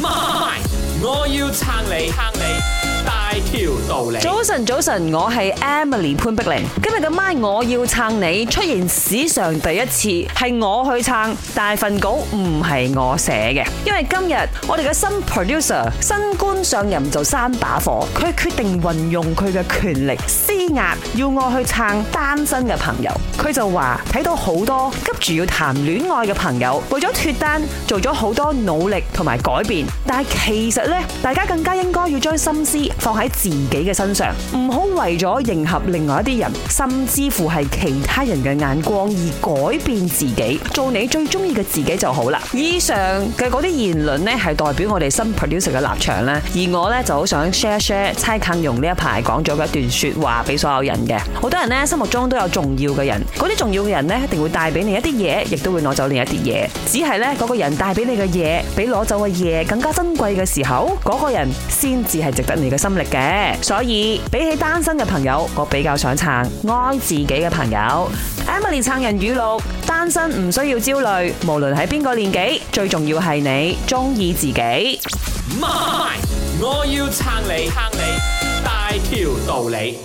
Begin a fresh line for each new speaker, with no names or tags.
MY，我要撐你，撐你大條道理。早晨，
早晨，我係 Emily 潘碧玲。今日嘅 MY，我要撐你出現史上第一次，係我去撐，大份稿唔係我寫嘅，因為今日我哋嘅新 producer 新官上任就三把火，佢決定運用佢嘅權力。壓，要我去撐單身嘅朋友，佢就話睇到好多急住要談戀愛嘅朋友，為咗脫單做咗好多努力同埋改變，但係其實呢，大家更加應該要將心思放喺自己嘅身上，唔好為咗迎合另外一啲人，甚至乎係其他人嘅眼光而改變自己，做你最中意嘅自己就好啦。以上嘅嗰啲言論呢，係代表我哋新 producer 嘅立場啦。而我呢，就好想 share share 蔡康永呢一排講咗嘅一段說話。俾所有人嘅，好多人咧，心目中都有重要嘅人，嗰啲重要嘅人咧，一定會帶俾你一啲嘢，亦都會攞走另一啲嘢。只係咧，嗰個人帶俾你嘅嘢，比攞走嘅嘢更加珍貴嘅時候，嗰個人先至係值得你嘅心力嘅。所以比起單身嘅朋友，我比較想撐愛自己嘅朋友。Emily 撐人語錄：單身唔需要焦慮，無論喺邊個年紀，最重要係你中意
自己。我要撐你，撐你，大條道理。